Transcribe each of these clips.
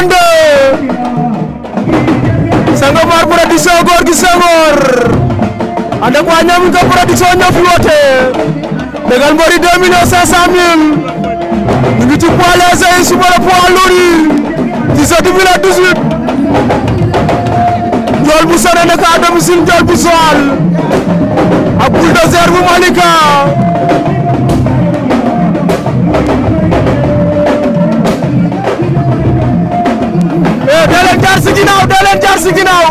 2022 Sangomar production góor gi Senghor ànd ak waa Ñaminka production ñoo fi woote dégal mbori 2 millions 500 mille ñu ngi ci poids léger yi suba la poids lourd yi ci sa 2018 Ndiol bu sone nekk à domicile Ndiol bu Joal ak bulldozer bu Malika jaar si ginnaaw doo leen jaar si ginnaaw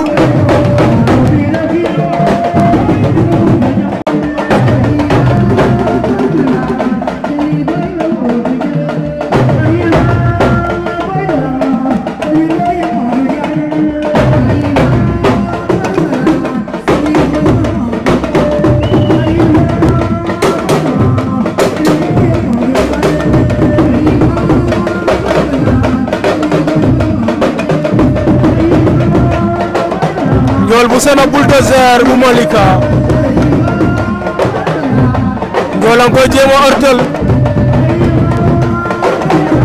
commissaire bu Malika Ndiol a ngi koy jéem a ërtal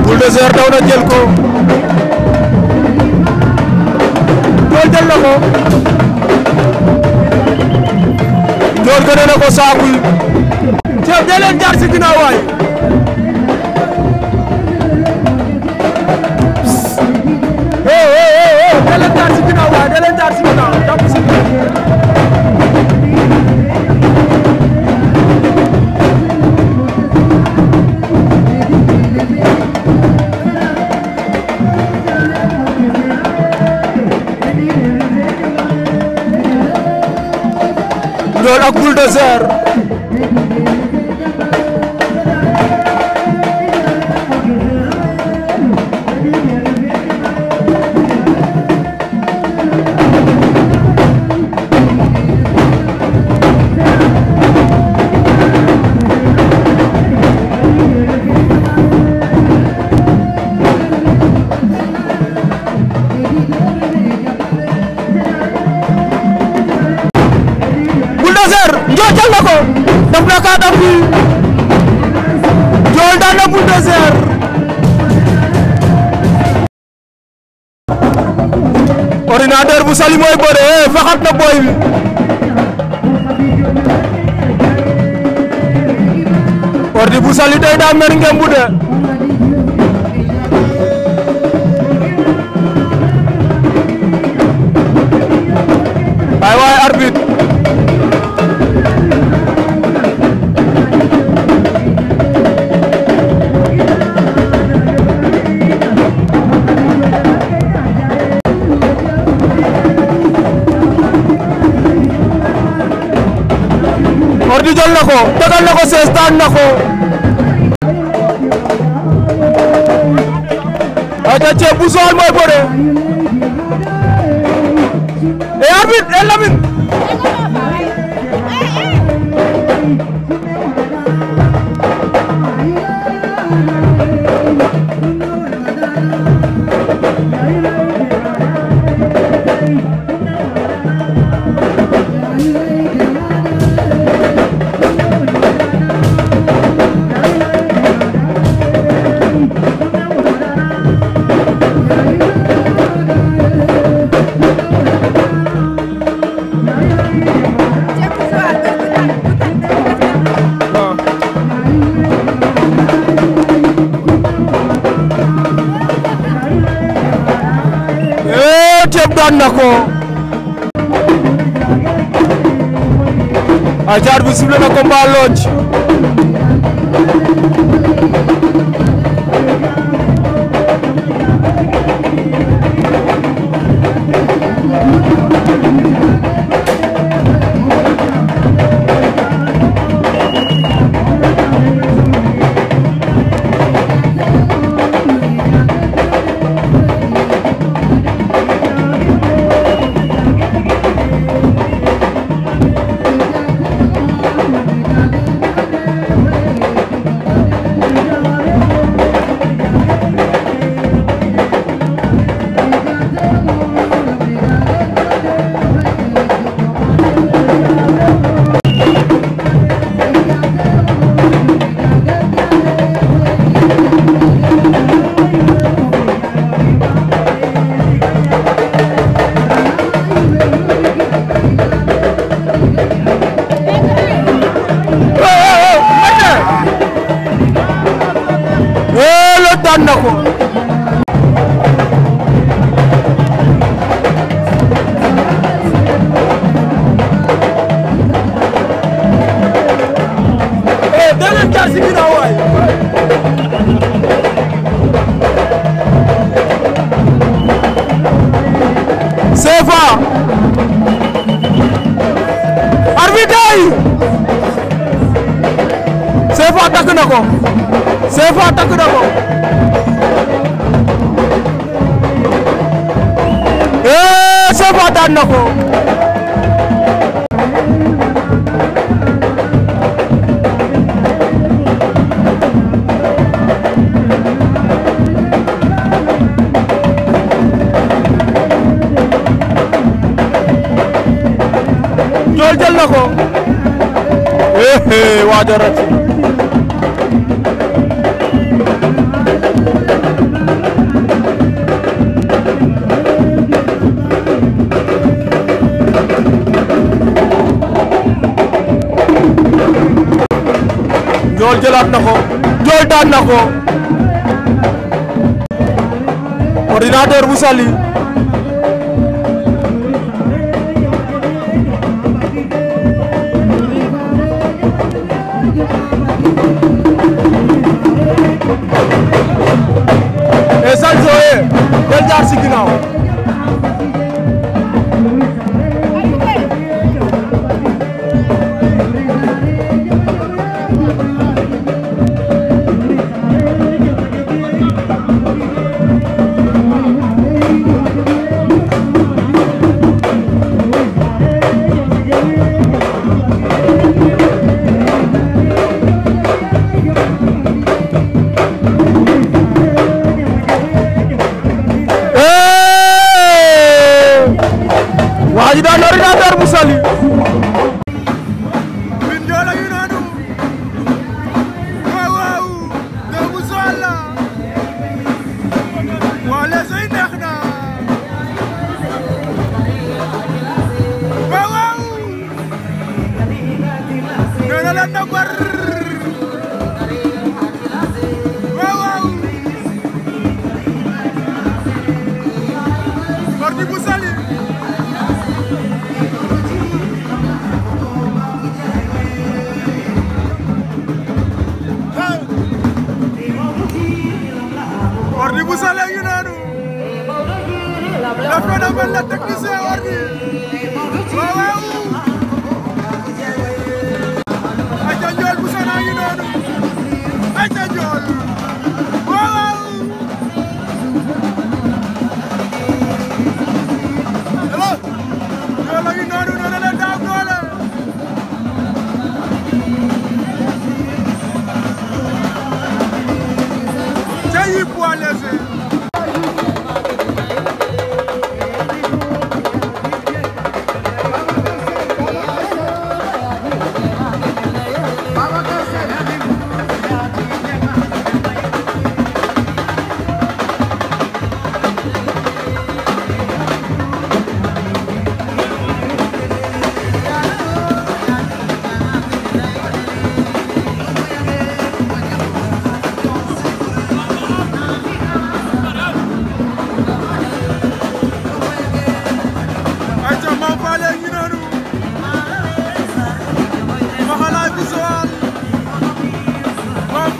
Bulldozer daw na jël ko Ndiol jël na ko Ndiol gëne na ko saaku yi ceeb dee leen jaar si ginnaaw waay dee leen jaar si ginnaaw waay dee leen jaar si ginnaaw ak bulldozer ordinateur bu sali mooy bëre eh faxat na booy bi ordi bu sali tey daa bu dee. Sess daan na ko ayca ceeb bu sool mooy bëre et eh, arbitre et Lamine eh, acaar bi sifle na combat Lodj ci ginnaaw waay CFA arbitre yi takk na ko CFA takk na ko eh CFA daan na ko Hey, waaj a rëcc Njool jëlaat na ko Njool daan na ko ordinateur bu sali jaar si ginnaaw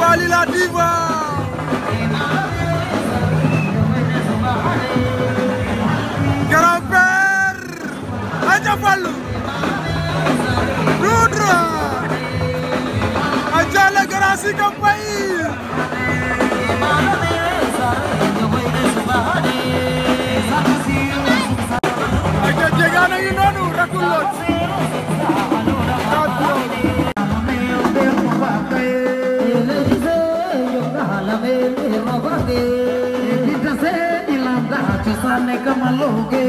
Wally la diva Grand Père Aja Fallou Doudou Aja le grand si जाने कमलोगे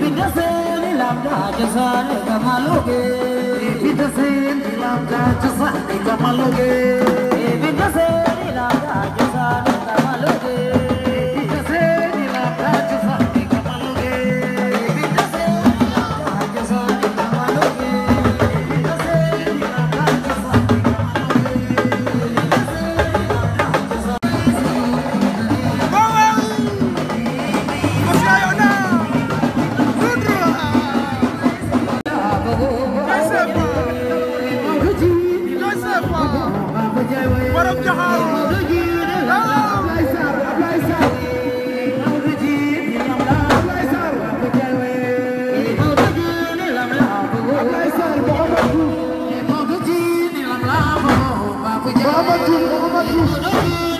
बिना से नीलाम राज जाने कमलोगे बिना से नीलाम राज जाने कमलोगे बिना से Thank you.